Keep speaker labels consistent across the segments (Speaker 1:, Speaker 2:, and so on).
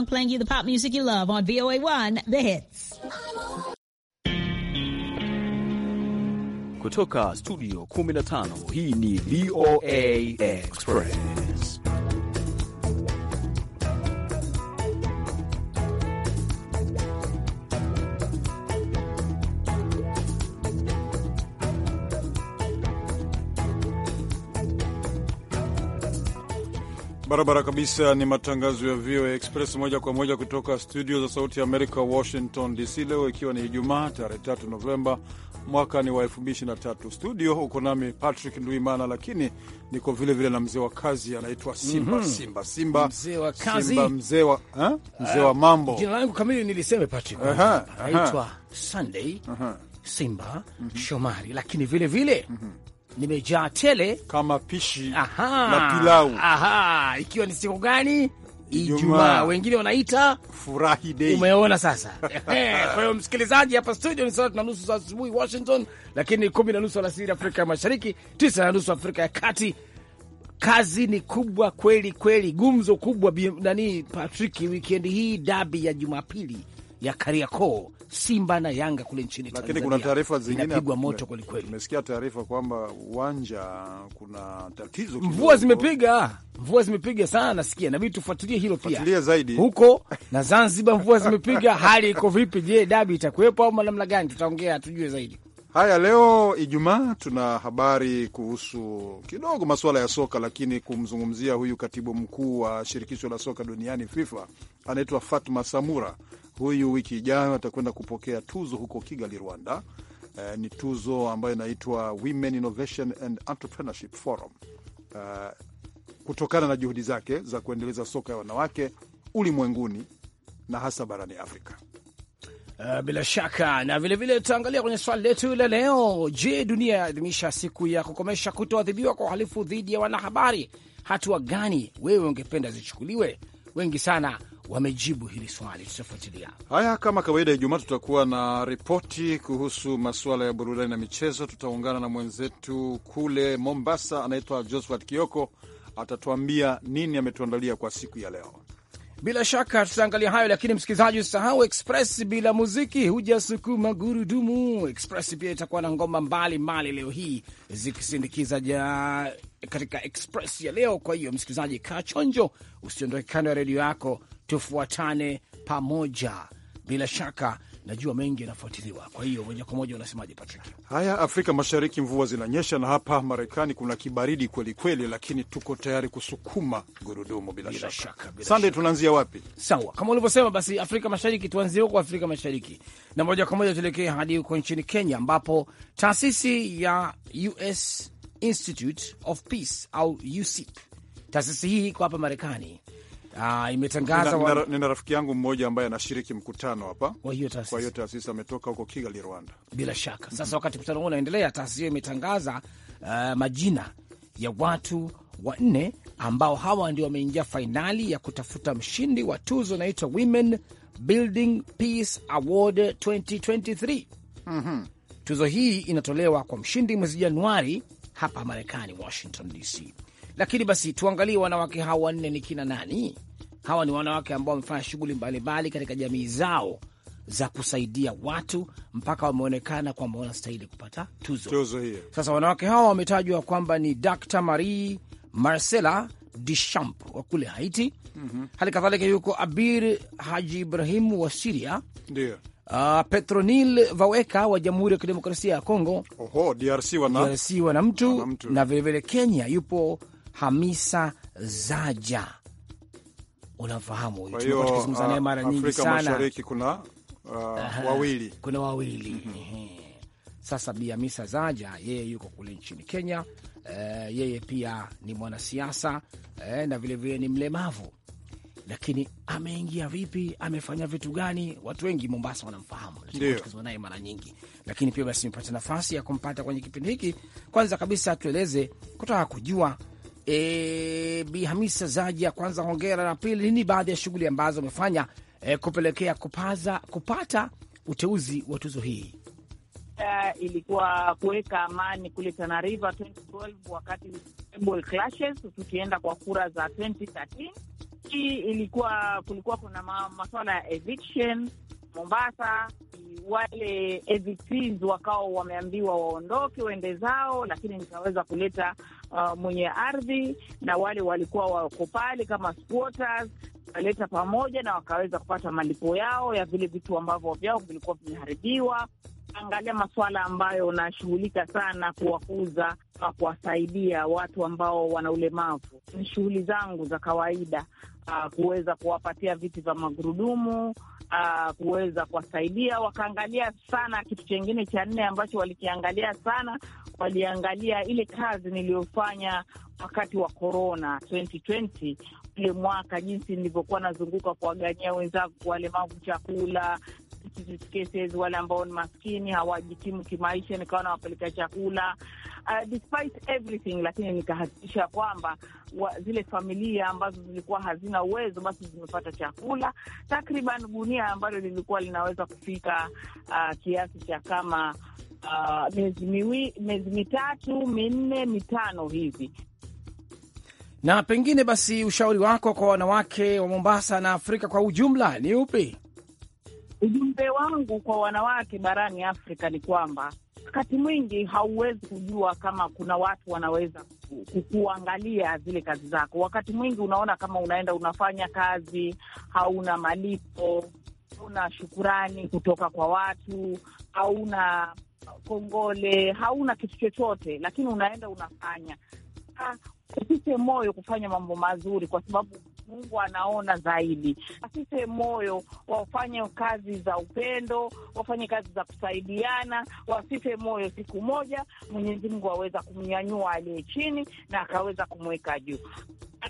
Speaker 1: I'm playing you the pop music you love on VOA1 The Hits.
Speaker 2: Kutoka studio 15 hii ni VOA Express.
Speaker 3: Barabara kabisa, ni matangazo ya VOA Express moja kwa moja kutoka studio za Sauti ya Amerika, Washington DC. Leo ikiwa ni Ijumaa tarehe 3 Novemba mwaka ni wa 23 Studio uko nami Patrick Nduimana, lakini niko vile vile na mzee wa kazi anaitwa Simba. mm -hmm. Simba, Simba, mzee wa kazi, mzee wa, eh? ah,
Speaker 4: mzee wa mambo. Jina
Speaker 3: langu kamili niliseme Patrick,
Speaker 5: anaitwa Sunday Simba mhm. Shomari, lakini vilevile vile mm -hmm nimejaa tele kama pishi aha, na pilau aha, ikiwa ni siku gani? Ijumaa, wengine wanaita
Speaker 2: furahi day. Umeona sasa?
Speaker 5: Kwa hiyo msikilizaji, hapa studio ni saa nusu za asubuhi Washington, lakini kumi na nusu alasiri Afrika ya Mashariki, tisa na nusu Afrika ya Kati. Kazi ni kubwa kweli kweli, gumzo kubwa nani, Patrick, wikendi hii dabi ya Jumapili ya Kariakoo Simba na Yanga kule nchini Tanzania. Lakini kuna taarifa zingine inapigwa moto kweli
Speaker 3: kweli. Nimesikia taarifa kwamba uwanja kuna tatizo,
Speaker 5: mvua zimepiga, mvua zimepiga sana, nasikia nabidi tufuatilie hilo pia, zaidi huko na Zanzibar, mvua zimepiga hali iko vipi? Je, dabi itakuwepo au namna gani? Tutaongea tujue zaidi.
Speaker 3: Haya, leo Ijumaa tuna habari kuhusu kidogo masuala ya soka, lakini kumzungumzia huyu katibu mkuu wa shirikisho la soka duniani FIFA anaitwa Fatma Samura Huyu wiki ijayo atakwenda kupokea tuzo huko Kigali, Rwanda. Uh, ni tuzo ambayo inaitwa Women Innovation and Entrepreneurship Forum uh, kutokana na juhudi zake za kuendeleza soka ya wanawake ulimwenguni na hasa barani Afrika.
Speaker 5: Uh, bila shaka na vilevile tutaangalia vile kwenye swali letu la leo. Je, dunia yaadhimisha siku ya kukomesha kutoadhibiwa kwa uhalifu dhidi ya wanahabari. Hatua gani wewe ungependa zichukuliwe? wengi sana wamejibu hili swali, tutafuatilia
Speaker 3: haya. Kama kawaida, Ijumaa tutakuwa na ripoti kuhusu masuala ya burudani na michezo. Tutaungana na mwenzetu kule Mombasa, anaitwa Josphat Kioko, atatuambia nini ametuandalia kwa siku ya leo. Bila shaka
Speaker 5: tutaangalia hayo, lakini msikilizaji, usisahau Express bila muziki hujasukuma gurudumu. Express pia itakuwa na ngoma mbalimbali leo hii zikisindikiza ja katika Express ya leo. Kwa hiyo msikilizaji, kaa chonjo, usiondoke kando ya redio yako, tufuatane pamoja. Bila shaka najua mengi yanafuatiliwa, kwa hiyo moja kwa moja
Speaker 3: unasemaje Patrick? Haya, Afrika Mashariki mvua zinanyesha, na hapa Marekani kuna kibaridi kweli kweli, lakini tuko tayari kusukuma gurudumu bila, bila shaka. Sande, tunaanzia wapi? Sawa,
Speaker 5: kama ulivyosema, basi Afrika Mashariki, tuanzie huko Afrika Mashariki na moja kwa moja tuelekee hadi huko nchini Kenya ambapo taasisi ya US Institute of Peace au USIP. Taasisi hii iko hapa Marekani. Uh, imetangaza nina, wa... nina
Speaker 3: rafiki yangu mmoja ambaye anashiriki mkutano hapa kwa hiyo taasisi, ametoka huko Kigali, Rwanda. Bila shaka
Speaker 5: sasa, mm -hmm. wakati mkutano huu unaendelea, taasisi hiyo imetangaza uh, majina ya watu wanne ambao hawa ndio wameingia fainali ya kutafuta mshindi wa tuzo inaitwa Women Building Peace Award 2023. Mm -hmm. Tuzo hii inatolewa kwa mshindi mwezi Januari hapa Marekani, Washington DC. Lakini basi tuangalie wanawake hawa wanne ni kina nani? Hawa ni wanawake ambao wamefanya shughuli mbalimbali katika jamii zao za kusaidia watu mpaka wameonekana kwamba wanastahili kupata tuzo, tuzo hiyo. Sasa wanawake hawa wametajwa kwamba ni Dr Marie Marcela Duchamp wa kule Haiti. mm -hmm. Hali kadhalika yuko Abir Haji Ibrahimu wa Siria, Uh, Petronil Vaweka wa Jamhuri ya Kidemokrasia ya Kongo.
Speaker 3: Oho, DRC wana, DRC
Speaker 5: wana mtu, wana mtu na vilevile Kenya yupo Hamisa Zaja,
Speaker 3: unamfahamu huyu, tukizungumza naye ah, mara nyingi sana. Mashariki kuna uh, uh, wawili kuna wawili mm -hmm.
Speaker 5: Sasa Bi Hamisa Zaja yeye yuko kule nchini Kenya. Uh, yeye pia ni mwanasiasa uh, na vilevile ni mlemavu lakini ameingia vipi, amefanya vitu gani? Watu wengi Mombasa wanamfahamu naye mara nyingi, lakini pia basi nimepata nafasi ya kumpata kwenye kipindi hiki. Kwanza kabisa tueleze kutaka kujua e, Bi Hamisa Zaja, kwanza hongera, na pili nini baadhi ya shughuli ambazo amefanya e, kupelekea kupaza, kupata uteuzi wa tuzo hii.
Speaker 6: Uh, ilikuwa kuweka amani kule Tana River 2012 wakati tukienda kwa kura za 2013 Nyingi ilikuwa kulikuwa kuna maswala ya eviction Mombasa, wale evictees wakawa wameambiwa waondoke waende zao, lakini nikaweza kuleta uh, mwenye ardhi na wale walikuwa wako pale kama squatters waleta pamoja na wakaweza kupata malipo yao ya vile vitu ambavyo vyao vilikuwa vimeharibiwa angalia masuala ambayo unashughulika sana kuwakuza na kuwasaidia watu ambao wana ulemavu. Ni shughuli zangu za kawaida uh, kuweza kuwapatia viti vya magurudumu uh, kuweza kuwasaidia. Wakaangalia sana kitu chengine cha nne ambacho walikiangalia sana, waliangalia ile kazi niliyofanya wakati wa corona 2020 ule mwaka, jinsi nilivyokuwa nazunguka kuwagania wenzangu walemavu chakula cases, wale ambao ni maskini hawajikimu kimaisha, nikawa nawapeleka chakula uh, despite everything, lakini nikahakikisha kwamba wa, zile familia ambazo zilikuwa hazina uwezo basi zimepata chakula takriban gunia ambalo lilikuwa linaweza kufika uh, kiasi cha kama uh, miezi miwi, miezi mitatu minne mitano hivi
Speaker 5: na pengine basi ushauri wako kwa wanawake wa Mombasa na Afrika kwa ujumla ni upi?
Speaker 6: Ujumbe wangu kwa wanawake barani Afrika ni kwamba wakati mwingi hauwezi kujua kama kuna watu wanaweza kukuangalia zile kazi zako. Wakati mwingi unaona kama unaenda unafanya kazi, hauna malipo, hauna shukurani kutoka kwa watu, hauna kongole, hauna kitu chochote, lakini unaenda unafanya. Ah, Usise moyo kufanya mambo mazuri, kwa sababu Mungu anaona zaidi. Asipe moyo, wafanye kazi za upendo, wafanye kazi za kusaidiana, wasipe moyo. Siku moja Mwenyezi Mungu aweza kumnyanyua aliye chini na akaweza kumweka juu,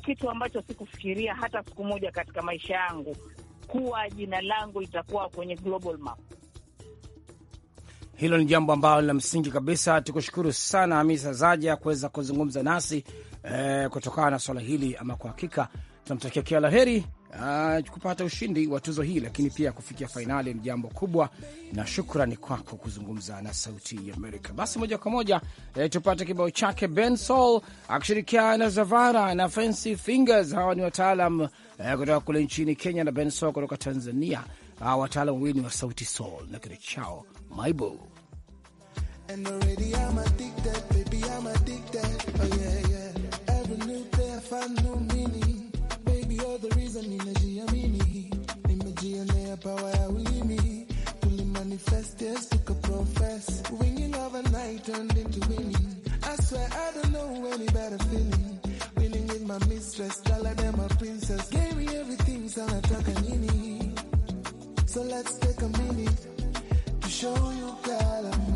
Speaker 6: kitu ambacho sikufikiria hata siku moja katika maisha yangu kuwa jina langu litakuwa kwenye global map.
Speaker 5: Hilo ni jambo ambalo la msingi kabisa. Tukushukuru sana Hamisa Zaja kuweza kuzungumza nasi eh, kutokana na swala hili. Ama kwa hakika tunamtakia kila la heri ah, kupata ushindi wa tuzo hii, lakini pia kufikia fainali ni jambo kubwa, na shukrani kwako kuzungumza na Sauti ya Amerika. Basi moja kwa moja eh, tupate kibao chake Ben Sol akishirikiana na Zavara na Fancy Fingers. Hawa ni wataalam eh, kutoka kule nchini Kenya na Ben Sol kutoka Tanzania. Hawa ah, wataalam wawili wa Sauti Sol na kile chao Maibo.
Speaker 4: You're the reason power to turned into winning. I swear I don't know any better feeling. Winning with my mistress, princess. Gave me everything, so So let's take a minute to show you that I'm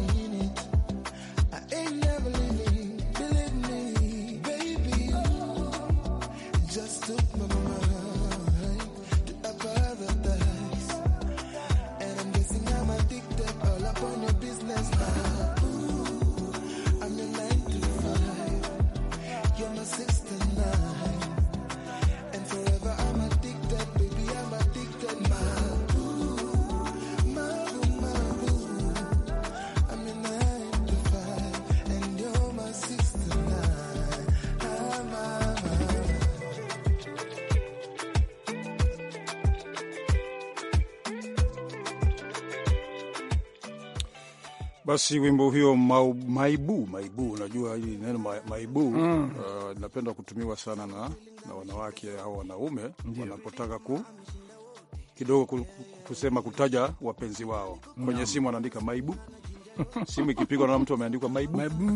Speaker 3: Basi wimbo huo maibu maibu, unajua hili neno maibu mm. uh, napenda kutumiwa sana na, na wanawake au wanaume wanapotaka ku kidogo kusema kutaja wapenzi wao no. Kwenye simu anaandika maibu simu ikipigwa na mtu ameandikwa maibu maibu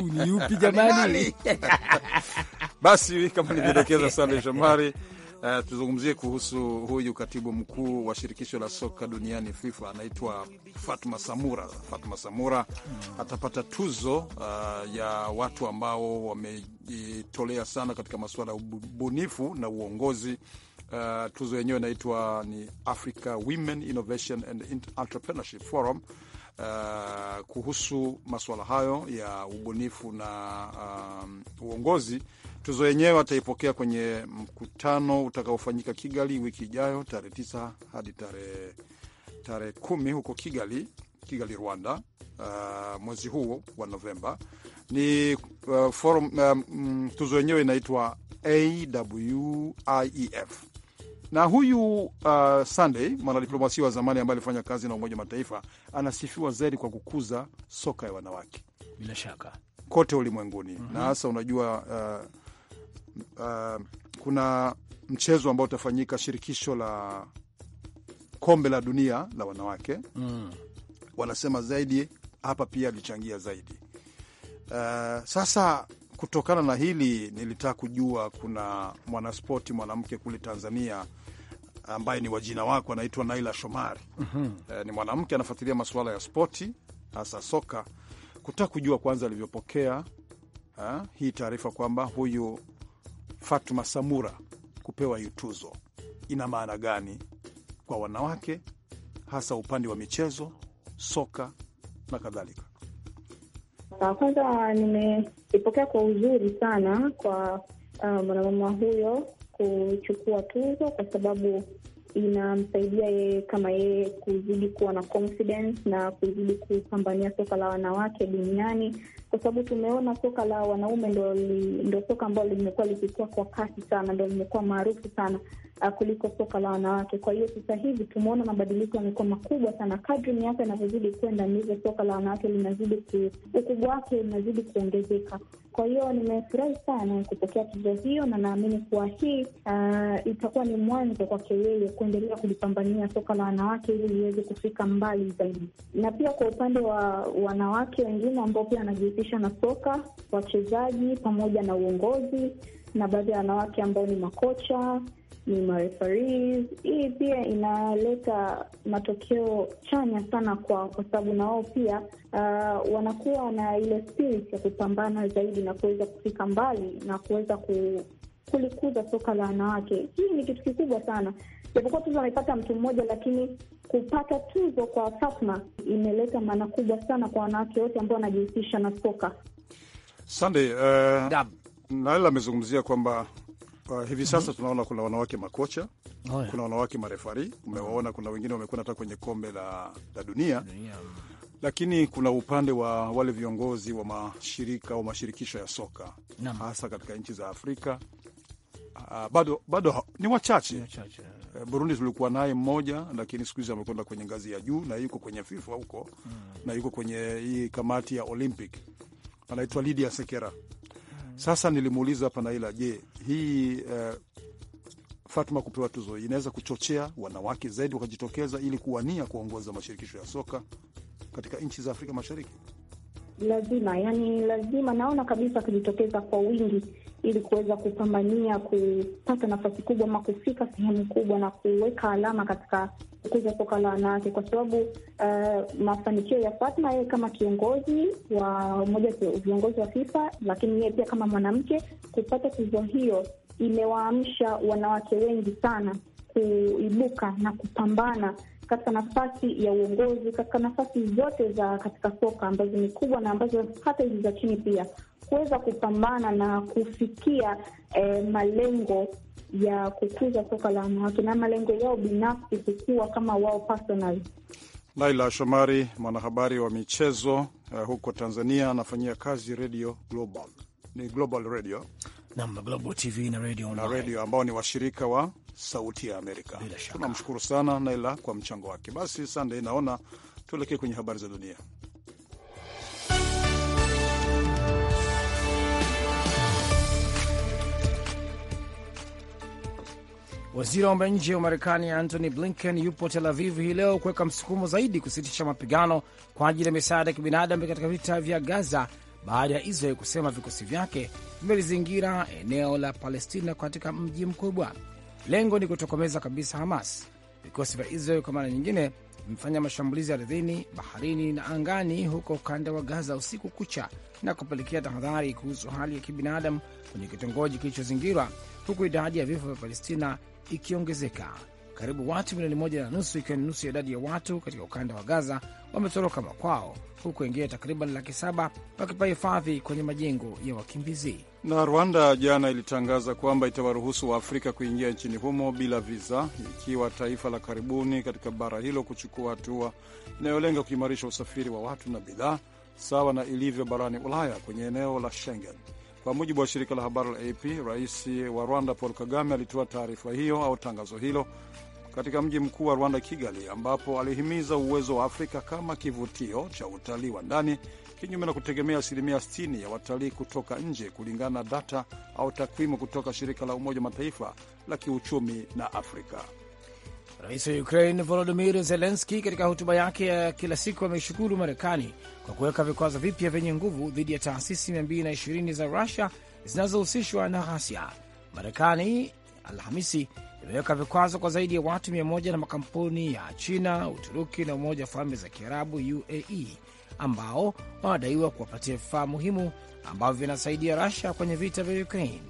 Speaker 4: ni upi jamani?
Speaker 3: Basi kama nilivyodokeza, Sande Shomari Uh, tuzungumzie kuhusu huyu katibu mkuu wa shirikisho la soka duniani FIFA, anaitwa Fatma Samura. Fatma Samura mm, atapata tuzo uh, ya watu ambao wamejitolea sana katika masuala ya ubunifu na uongozi. Uh, tuzo yenyewe inaitwa ni Africa Women Innovation and Entrepreneurship Forum. Uh, kuhusu masuala hayo ya ubunifu na um, uongozi Tuzo yenyewe ataipokea kwenye mkutano utakaofanyika Kigali wiki ijayo tarehe tisa hadi tarehe tarehe kumi huko Kigali, Kigali, Rwanda, uh, mwezi huu wa Novemba. Ni uh, forum, um, tuzo yenyewe inaitwa AWIEF na huyu uh, Sunday mwanadiplomasia wa zamani ambaye alifanya kazi na Umoja wa Mataifa anasifiwa zaidi kwa kukuza soka ya wanawake bila shaka kote ulimwenguni. mm -hmm. na hasa unajua uh, uh, kuna mchezo ambao utafanyika shirikisho la kombe la dunia la wanawake mm. Wanasema zaidi hapa pia alichangia zaidi. Uh, sasa kutokana na hili nilitaka kujua kuna mwanaspoti mwanamke kule Tanzania ambaye ni wajina wako anaitwa Naila Shomari. mm -hmm. Uh, ni mwanamke anafuatilia masuala ya spoti hasa soka, kutaka kujua kwanza alivyopokea uh, hii taarifa kwamba huyu Fatuma Samura kupewa hii tuzo ina maana gani kwa wanawake, hasa upande wa michezo, soka na kadhalika?
Speaker 1: Ah, kwanza nimeipokea kwa uzuri sana kwa uh, mwanamama huyo kuchukua tuzo kwa sababu inamsaidia yeye kama yeye kuzidi kuwa na confidence na kuzidi kupambania soka la wanawake duniani, kwa sababu tumeona soka la wanaume ndo, ndo soka ambalo limekuwa likikua kwa kasi sana, ndo limekuwa maarufu sana uh, kuliko soka la wanawake. Kwa hiyo sasa hivi tumeona mabadiliko yamekuwa makubwa sana. Kadri miaka inavyozidi kwenda, ndivyo soka la wanawake linazidi, ukubwa wake unazidi kuongezeka. Kwa hiyo nimefurahi sana kupokea tuzo hiyo, na naamini kuwa hii uh, itakuwa ni mwanzo kwake yeye kuendelea kulipambania soka la wanawake ili liweze kufika mbali zaidi. Na pia kwa upande wa wanawake wengine ambao pia wanajihusisha na soka, wachezaji pamoja na uongozi, na baadhi ya wanawake ambao ni makocha ni marefarees. Hii pia inaleta matokeo chanya sana kwao kwa sababu na wao pia uh, wanakuwa na ile spirit ya kupambana zaidi na kuweza kufika mbali na kuweza ku, kulikuza soka la wanawake. Hii ni kitu kikubwa sana, japokuwa tuzo amepata mtu mmoja, lakini kupata tuzo kwa Fatma imeleta maana kubwa sana kwa wanawake wote ambao wanajihusisha na soka.
Speaker 3: Sande, uh, Nael amezungumzia kwamba Uh, hivi mhm. sasa mm -hmm. Tunaona kuna wanawake makocha oh, yeah. Kuna wanawake marefari umewaona, kuna wengine wamekwenda hata kwenye kombe la, la dunia, Lakini kuna upande wa wale viongozi wa mashirika au mashirikisho ya soka no. Hasa katika nchi za Afrika uh, bado, bado ni wachache, yeah, eh, Burundi tulikuwa naye mmoja, lakini siku hizi amekwenda kwenye ngazi ya juu na yuko kwenye FIFA huko mm. Na yuko kwenye hii kamati ya Olympic anaitwa Lydia Sekera sasa nilimuuliza hapa Naila, je, hii uh, Fatma kupewa tuzo inaweza kuchochea wanawake zaidi wakajitokeza ili kuwania kuongoza mashirikisho ya soka katika nchi za Afrika
Speaker 4: Mashariki?
Speaker 1: Lazima, yani lazima, naona kabisa kujitokeza kwa wingi ili kuweza kupambania kupata nafasi kubwa ama kufika sehemu kubwa na kuweka alama katika kukuza soka la wanawake, kwa sababu uh, mafanikio ya Fatma yeye kama kiongozi wa mmoja viongozi wa FIFA, lakini yeye pia kama mwanamke kupata tuzo hiyo imewaamsha wanawake wengi sana kuibuka na kupambana katika nafasi ya uongozi, katika nafasi zote za katika soka ambazo ni kubwa na ambazo hata hizi za chini pia, kuweza kupambana na kufikia eh, malengo ya kukuza soka la wanawake na malengo yao binafsi kukuwa kama wao personal.
Speaker 3: Laila Shomari, mwanahabari wa michezo uh, huko Tanzania, anafanyia kazi Radio Global, ni Global Radio
Speaker 5: Global TV na Radio na
Speaker 3: radio ambao ni washirika wa Sauti ya Amerika. Tunamshukuru sana Naila kwa mchango wake. Basi sande naona tuelekee kwenye habari za dunia.
Speaker 5: Waziri wa mambo ya nje wa Marekani Antony Blinken yupo Tel Aviv hii leo kuweka msukumo zaidi kusitisha mapigano kwa ajili ya misaada ya kibinadamu katika vita vya Gaza baada ya Israel kusema vikosi vyake vimelizingira eneo la Palestina katika mji mkubwa. Lengo ni kutokomeza kabisa Hamas. Vikosi vya Israel kwa mara nyingine vimefanya mashambulizi ardhini, baharini na angani huko ukanda wa Gaza usiku kucha na kupelekea tahadhari kuhusu hali ya kibinadamu kwenye kitongoji kilichozingirwa, huku idadi ya vifo vya Palestina ikiongezeka. Karibu watu milioni moja na nusu, ikiwa ni nusu ya idadi ya watu katika ukanda wa Gaza wametoroka makwao, huku wengine takriban laki saba wakipa hifadhi kwenye majengo ya wakimbizi.
Speaker 3: Na Rwanda jana ilitangaza kwamba itawaruhusu Waafrika kuingia nchini humo bila viza, ikiwa taifa la karibuni katika bara hilo kuchukua hatua inayolenga kuimarisha usafiri wa watu na bidhaa, sawa na ilivyo barani Ulaya kwenye eneo la Schengen. Kwa mujibu wa shirika la habari la AP, rais wa Rwanda Paul Kagame alitoa taarifa hiyo au tangazo hilo katika mji mkuu wa Rwanda, Kigali, ambapo alihimiza uwezo wa Afrika kama kivutio cha utalii wa ndani, kinyume na kutegemea asilimia 60 ya watalii kutoka nje, kulingana na data au takwimu kutoka shirika la Umoja wa Mataifa la kiuchumi na Afrika.
Speaker 5: Rais wa Ukraine Volodimir Zelenski katika hotuba yake ya kila siku ameshukuru Marekani kwa kuweka vikwazo vipya vyenye nguvu dhidi ya taasisi 220 za Rusia zinazohusishwa na ghasia. Marekani Alhamisi imeweka vikwazo kwa zaidi ya watu mia moja na makampuni ya China, Uturuki na Umoja wa Falme za Kiarabu, UAE, ambao wanadaiwa kuwapatia vifaa muhimu ambavyo vinasaidia rasia kwenye vita vya Ukraine.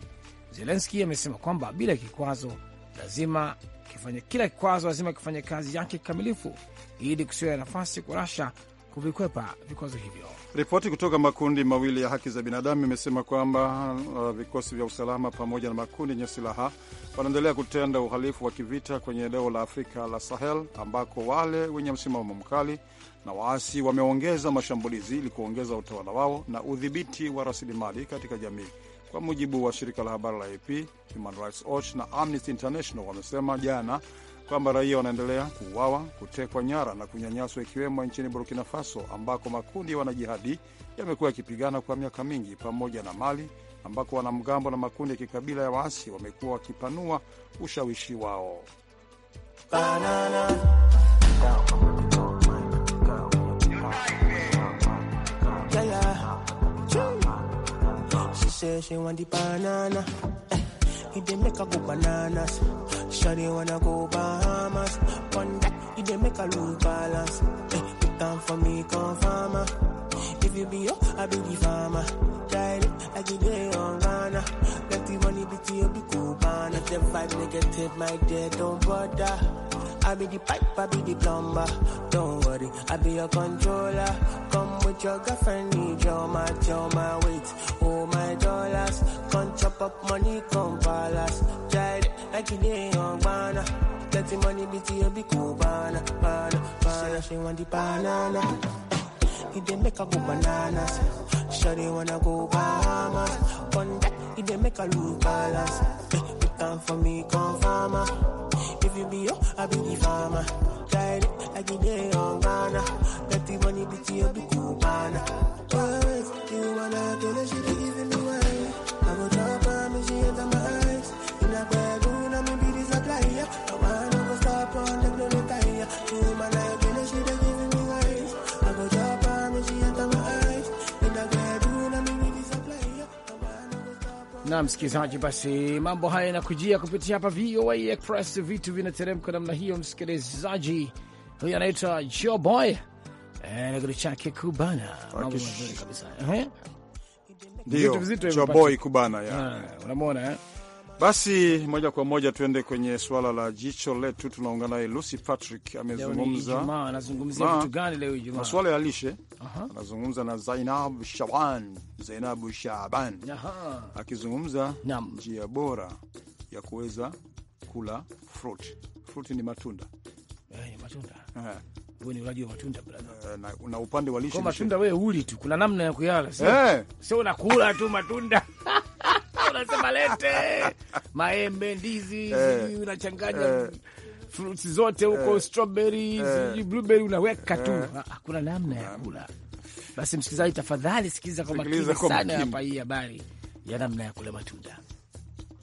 Speaker 5: Zelenski amesema kwamba bila kikwazo lazima kifanya, kila kikwazo lazima kifanye kazi yake kikamilifu ili kusiwe na nafasi kwa Rasha kuvikwepa vikwazo
Speaker 3: hivyo. Ripoti kutoka makundi mawili ya haki za binadamu imesema kwamba uh, vikosi vya usalama pamoja na makundi yenye silaha wanaendelea kutenda uhalifu wa kivita kwenye eneo la Afrika la Sahel, ambako wale wenye msimamo mkali na waasi wameongeza mashambulizi ili kuongeza utawala wao na udhibiti wa rasilimali katika jamii. Kwa mujibu wa shirika la habari la AP, Human Rights Watch na Amnesty International wamesema jana kwamba raia wanaendelea kuuawa, kutekwa nyara na kunyanyaswa, ikiwemo nchini Burkina Faso ambako makundi ya wanajihadi yamekuwa yakipigana kwa miaka mingi, pamoja na Mali ambako wanamgambo na makundi ya kikabila ya waasi wamekuwa wakipanua ushawishi wao.
Speaker 7: Banana. Yeah, yeah. Shawty wanna go Bahamas. One that, you dey make a lose balance. Eh, you for me, come farmer. If you be up, I be the farmer. Child, I get there on Ghana. Let the money be to you be Cubana. If the vibe negative, my dear, don't bother. I be the pipe, I be the plumber. Don't worry, I be your controller. Come with your girlfriend, need your my, draw my weight. Oh my dollars, come chop up money, come palace. Child, like you day young banana. the money, be to be cool banana, banana, banana. She want the banana. didn't make a good banana. Sure they wanna go Bahamas. One that, it they make a look balance. Come for me, come if you be yo, oh, I be the farmer. Guide it, I give you on Ghana. the money, bitch, you be cool, man. Cause you wanna tell us you be giving
Speaker 5: na msikilizaji, basi mambo haya yanakujia kupitia hapa VOA Express, vitu vinateremka namna hiyo. Msikilizaji huyo anaitwa Jo Boy eh, na kitu chake kubana, mambo mazuri kabisa, eh?
Speaker 3: vitu vizito, Jo Boy kubana, ah, unamwona eh basi moja kwa moja tuende kwenye suala la jicho letu. Tunaungana naye Lucy Patrick, amezungumza masuala ya lishe, anazungumza na Zainab Shaban, Zainabu Shaban akizungumza njia bora ya kuweza kula fruit. Fruit ni matunda,
Speaker 5: hey, eh, eh.
Speaker 3: Ni ulaji wa matunda brother. Eh, na, na upande wa lishe matunda, wewe
Speaker 5: uli tu, kuna namna ya kuyala, sio hey. Unakula tu matunda anasema lete maembe, ndizi, eh. unachanganya eh. fruits zote huko, eh, eh. blueberry, unaweka tu, hakuna namna ya kula. Basi msikilizaji, tafadhali sikiliza kwa makini sana hapa hii habari ya namna ya kula matunda.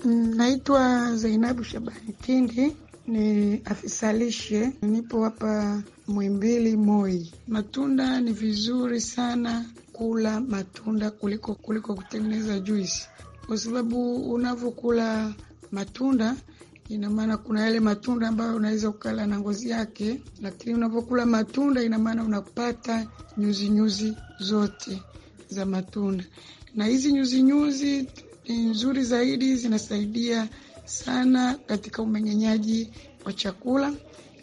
Speaker 8: Mm, naitwa Zainabu Shabani Kindi, ni afisa lishe, nipo hapa Mwimbili, Moi. Matunda ni vizuri sana kula matunda kuliko kuliko kutengeneza juisi kwa sababu unavyokula matunda ina maana kuna yale matunda ambayo unaweza ukala na ngozi yake, lakini unavyokula matunda ina maana unapata nyuzinyuzi zote za matunda, na hizi nyuzinyuzi ni nzuri zaidi, zinasaidia sana katika umeng'enyaji wa chakula,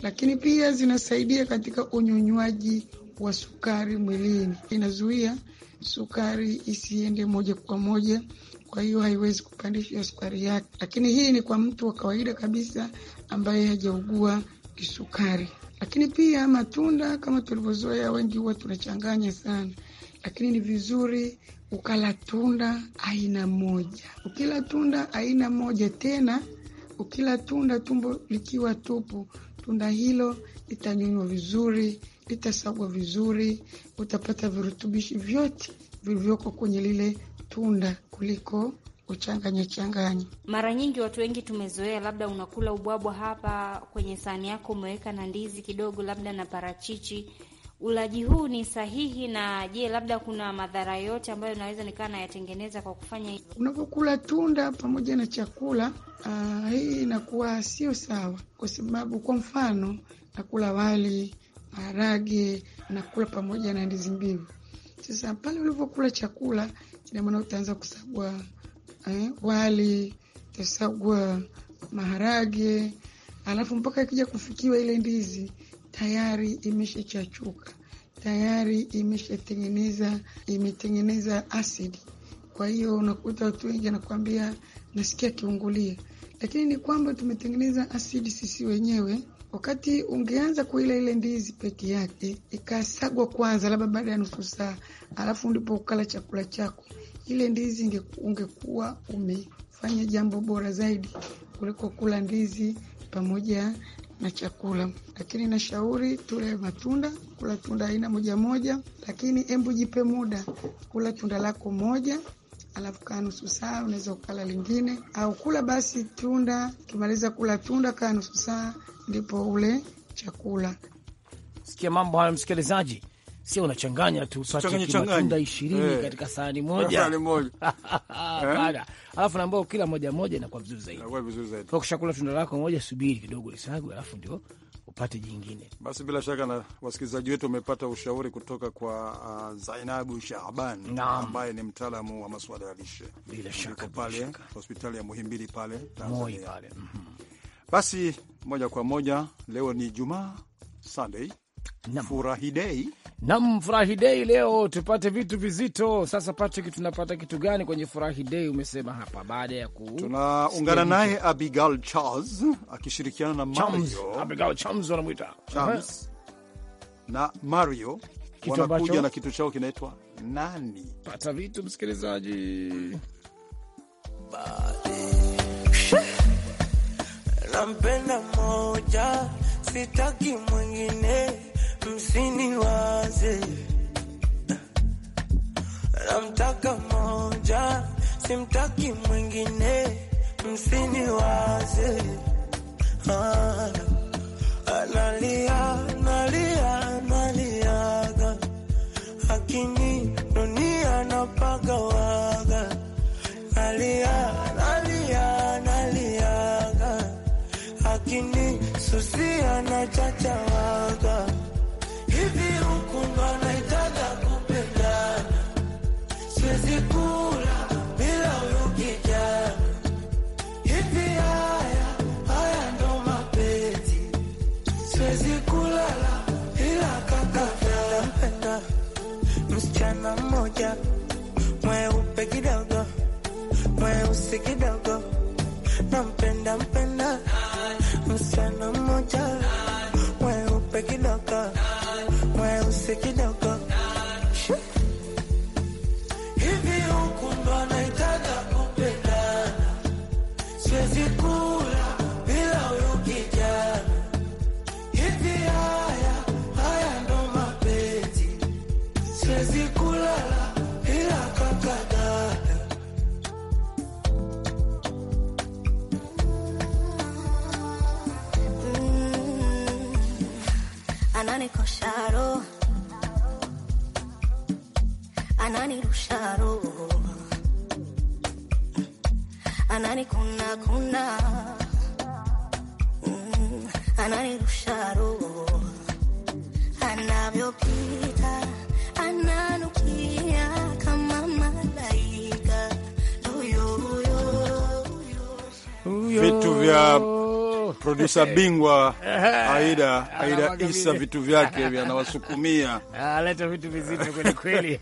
Speaker 8: lakini pia zinasaidia katika unyonywaji wa sukari mwilini, inazuia sukari isiende moja kwa moja kwa hiyo haiwezi kupandisha sukari yake. Lakini hii ni kwa mtu wa kawaida kabisa ambaye hajaugua kisukari. Lakini pia matunda kama tulivyozoea, wengi huwa tunachanganya sana, lakini ni vizuri ukala tunda aina moja. Ukila tunda aina moja tena, ukila tunda tumbo likiwa tupu, tunda hilo litanyonywa vizuri, litasagwa vizuri, utapata virutubishi vyote vilivyoko kwenye lile matunda kuliko kuchanganya changanya.
Speaker 1: Mara nyingi watu wengi tumezoea, labda unakula ubwabwa hapa kwenye sahani yako umeweka na ndizi kidogo, labda na parachichi. Ulaji huu ni sahihi? Na je, labda kuna madhara yote ambayo naweza nikaa nayatengeneza kwa kufanya hivi?
Speaker 8: Unapokula tunda pamoja na chakula uh, hii inakuwa sio sawa, kwa sababu kwa mfano nakula wali, maharage, nakula pamoja na ndizi mbivu. Sasa pale ulivyokula chakula ina maana utaanza kusagwa eh, wali utasagwa maharage, alafu mpaka ikija kufikiwa ile ndizi tayari imeshachachuka tayari imeshatengeneza imetengeneza asidi. Kwa hiyo unakuta watu wengi anakuambia nasikia kiungulia, lakini ni kwamba tumetengeneza asidi sisi wenyewe. Wakati ungeanza kuila ile ndizi peke yake ikasagwa kwanza, labda baada ya nusu saa, alafu ndipo ukala chakula chako, ile ndizi ungekuwa umefanya jambo bora zaidi kuliko kula ndizi pamoja na chakula. Lakini nashauri tule matunda, kula tunda aina moja moja, lakini embu jipe muda, kula tunda lako moja alafu kaa nusu saa, unaweza ukala lingine au kula basi tunda. Ukimaliza kula tunda, kaa nusu saa, ndipo ule chakula.
Speaker 5: Sikia mambo hayo, msikilizaji sio unachanganya tu pati matunda ishirini hey, eh. katika sahani moja sahani moja bana, alafu naambao kila moja moja inakuwa vizuri zaidi. inakuwa vizuri zaidi. Kwa kushakula tunda lako moja, subiri kidogo lisagwe, alafu ndio upate jingine.
Speaker 3: Basi bila shaka na wasikilizaji wetu wamepata ushauri kutoka kwa uh, Zainabu Shaaban ambaye ni mtaalamu wa masuala ya lishe bila shaka pale hospitali ya Muhimbili pale Tanzania. Pale. Mm -hmm. Basi moja kwa moja leo ni Jumaa Sunday Nam furahidei, nam furahidei. Leo
Speaker 5: tupate vitu vizito. Sasa Patrick, tunapata kitu gani kwenye furahidei? Umesema hapa baada ya ku,
Speaker 3: tunaungana naye Abigail Charles akishirikiana na Mario. Abigail Charles wanamwita Charles na Mario wanakuja na kitu chao kinaitwa
Speaker 5: nani. Pata vitu msikilizaji
Speaker 4: nampenda moja, sitaki mwingine msiniwaze, namtaka moja, simtaki mwingine, msini Ah, analia nalia naliaga, lakini dunia napagawaga, nalia nalia naliaga, lakini susia na kijana mmoja mweupe kidogo, mweusi kidogo, nampenda mpenda msichana mmoja
Speaker 3: vitu vya produsa bingwa Aida Aida Isa, vitu vyake vinawasukumia,
Speaker 5: aleta ah, vitu vizito kweli kweli,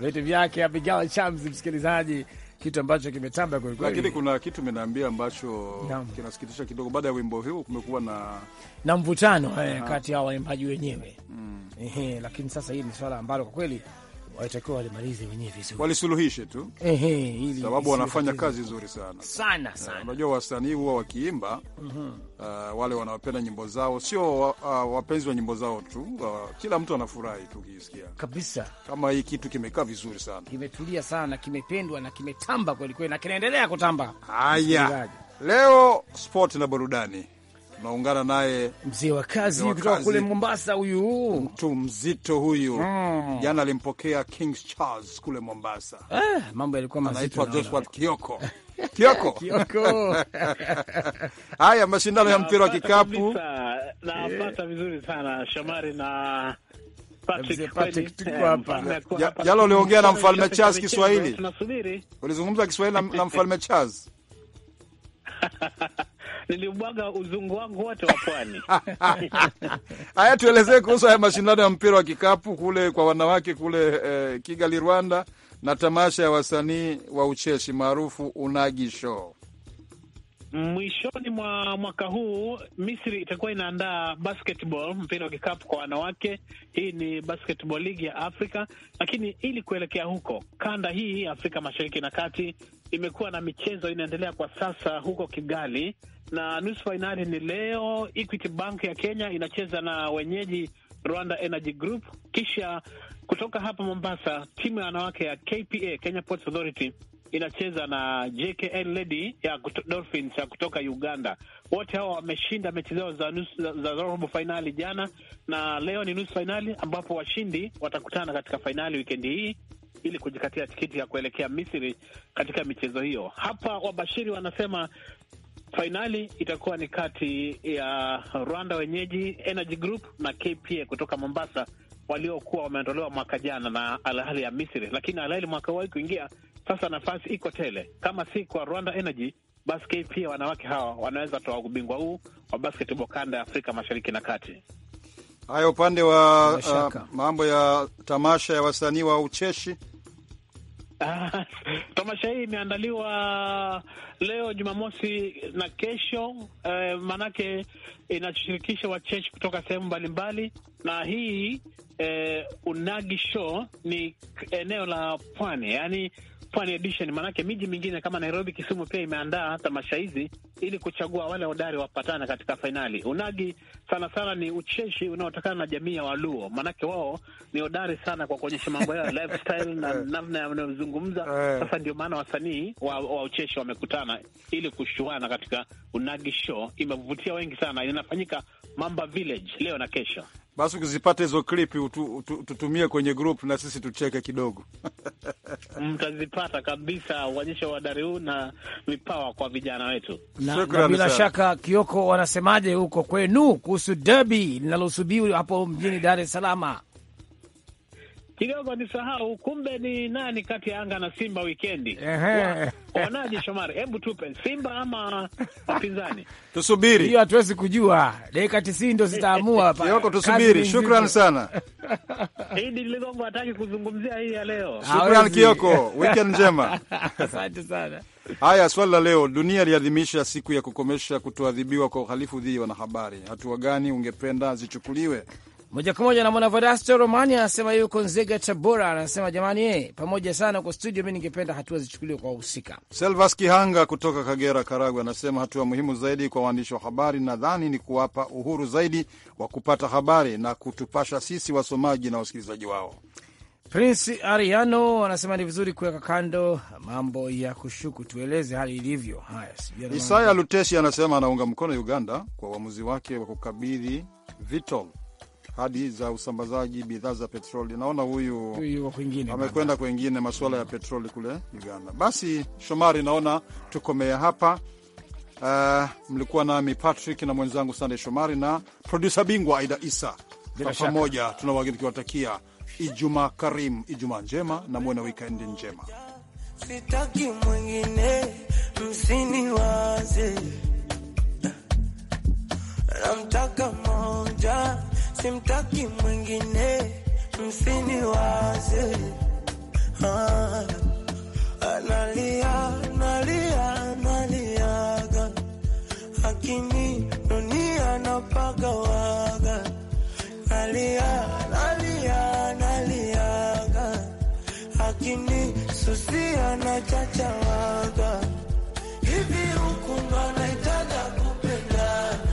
Speaker 5: vitu vyake apigawa Chams, msikilizaji kitu ambacho kimetamba kweli kweli, lakini
Speaker 3: kuna kitu mnaambia ambacho kinasikitisha kidogo. Baada ya wimbo huu kumekuwa na
Speaker 5: na mvutano eh, ah. kati ya waimbaji wenyewe mm. Lakini sasa hii ni swala ambalo kwa kweli watakuwa walimalize wenyewe vizuri,
Speaker 3: walisuluhishe tu, sababu wanafanya kazi nzuri sana sana eh, sana. Unajua, wasanii huwa wakiimba mhm. eh, wale wanawapenda nyimbo zao, sio ah, wapenzi wa nyimbo zao tu, kila mtu anafurahi tu kisikia kabisa, kama hii kitu kimekaa vizuri sana, kimetulia sana, kimependwa na kimetamba kwelikweli na kinaendelea kutamba. Haya, leo sport na burudani Tunaungana naye mzee wa kazi kutoka kule Mombasa, huyu mtu mzito huyu mm. Jana alimpokea King Charles kule Mombasa. Ah, mambo yalikuwa mazito. Anaitwa Joshua Kioko Kioko, Kioko. Haya, mashindano ya mpira wa kikapu
Speaker 2: napata eh. vizuri sana Shomari na eh, jalo uliongea na mfalme Charles Kiswahili,
Speaker 3: ulizungumza Kiswahili na mfalme Charles niliubwaga uzungu
Speaker 2: wangu wote wa pwani.
Speaker 3: Haya, tuelezee kuhusu haya mashindano ya mpira wa kikapu kule kwa wanawake kule eh, Kigali, Rwanda, na tamasha ya wasanii wa ucheshi maarufu Unagi Show.
Speaker 2: Mwishoni mwa mwaka huu Misri itakuwa inaandaa basketball, mpira wa kikapu kwa wanawake. Hii ni basketball ligi ya Afrika, lakini ili kuelekea huko, kanda hii Afrika mashariki na kati imekuwa na michezo inaendelea kwa sasa huko Kigali, na nusu fainali ni leo. Equity Bank ya Kenya inacheza na wenyeji Rwanda Energy Group. Kisha kutoka hapa Mombasa, timu ya wanawake ya KPA, Kenya Ports Authority, inacheza na JKN Lady ya Dolphins ya kutoka Uganda. Wote hawa wameshinda mechi zao za nusu, za, za robo fainali jana, na leo ni nusu fainali ambapo washindi watakutana katika fainali wikendi hii ili kujikatia tikiti ya kuelekea Misri katika michezo hiyo. Hapa wabashiri wanasema fainali itakuwa ni kati ya Rwanda wenyeji Energy Group na KPA kutoka Mombasa waliokuwa wameondolewa mwaka jana na Al Ahly ya Misri, lakini Al Ahly mwaka huu kuingia sasa, nafasi iko tele. Kama si kwa Rwanda Energy, basi KPA wanawake hawa wanaweza toa ubingwa huu wa basketball kanda ya Afrika Mashariki na Kati.
Speaker 3: Haya, upande wa uh, mambo ya tamasha ya wasanii wa ucheshi
Speaker 2: ah, tamasha hii imeandaliwa leo Jumamosi na kesho eh, maanake inashirikisha wacheshi kutoka sehemu mbalimbali, na hii eh, Unagi Show ni eneo la pwani, yaani Pwani Edition, maanake miji mingine kama Nairobi, Kisumu pia imeandaa tamasha hizi ili kuchagua wale hodari wapatana katika fainali. Unagi sana sana ni ucheshi unaotokana na jamii ya Waluo, maanake wao ni hodari sana kwa kuonyesha mambo yao lifestyle na eh. namna yanayozungumza. Eh. Sasa ndio maana wasanii wa, wa ucheshi wamekutana ili kushuana katika Unagi show. Imevutia wengi sana, inafanyika Mamba Village leo na kesho.
Speaker 3: Basi ukizipata hizo klipi tutumie kwenye group na sisi tucheke kidogo.
Speaker 2: Mtazipata kabisa, uonyesho wadari huu na vipawa kwa vijana wetu. Na, na bila
Speaker 3: shaka Kioko, wanasemaje
Speaker 5: huko kwenu kuhusu derby linalosubiri hapo mjini Dar es Salaam?
Speaker 2: kidogo nisahau, kumbe ni nani kati ya Yanga na Simba wikendi? Wanaje Shomari, hebu tupe Simba ama wapinzani?
Speaker 5: Tusubiri hiyo, hatuwezi kujua, dakika tisini ndo zitaamua Kioko, tusubiri. Shukran sana
Speaker 2: Idi Ligongo, hataki kuzungumzia hii ya leo. Shukran
Speaker 3: Kioko, wikend njema, asante sana. Haya, swali la leo, dunia iliadhimisha siku ya kukomesha kutoadhibiwa kwa uhalifu dhidi ya wanahabari. Hatua gani ungependa zichukuliwe moja kwa moja na mwanavadasto Romani anasema
Speaker 5: yuko Nzega, Tabora. Anasema jamani, e, pamoja sana kwa studio. Mi ningependa hatua zichukuliwe kwa wahusika.
Speaker 3: Selvas Kihanga kutoka Kagera, Karagwe, anasema hatua muhimu zaidi kwa waandishi wa habari, nadhani ni kuwapa uhuru zaidi wa kupata habari na kutupasha sisi wasomaji na wasikilizaji wao.
Speaker 5: Prince Ariano anasema ni vizuri kuweka kando mambo ya kushuku, tueleze hali ilivyo. Haya, Isaya
Speaker 3: Luteshi anasema anaunga mkono Uganda kwa uamuzi wake wa kukabidhi Vitol hadi za usambazaji bidhaa za petroli. Naona huyu, amekwenda kwengine masuala ya petroli kule Uganda. Basi Shomari, naona tukomea hapa. Uh, mlikuwa nami Patrick na mwenzangu sandey Shomari na produsa bingwa Aida Isa. Kwa pamoja tunawageni tukiwatakia Ijumaa karimu, Ijumaa njema na mwena wikendi njema.
Speaker 4: Sitaki mwingine namtaka moja simtaki mwingine, msini waze analia nalia naliaga, lakini dunia napaga waga, nalia nalia naliaga, lakini susia na chachawaga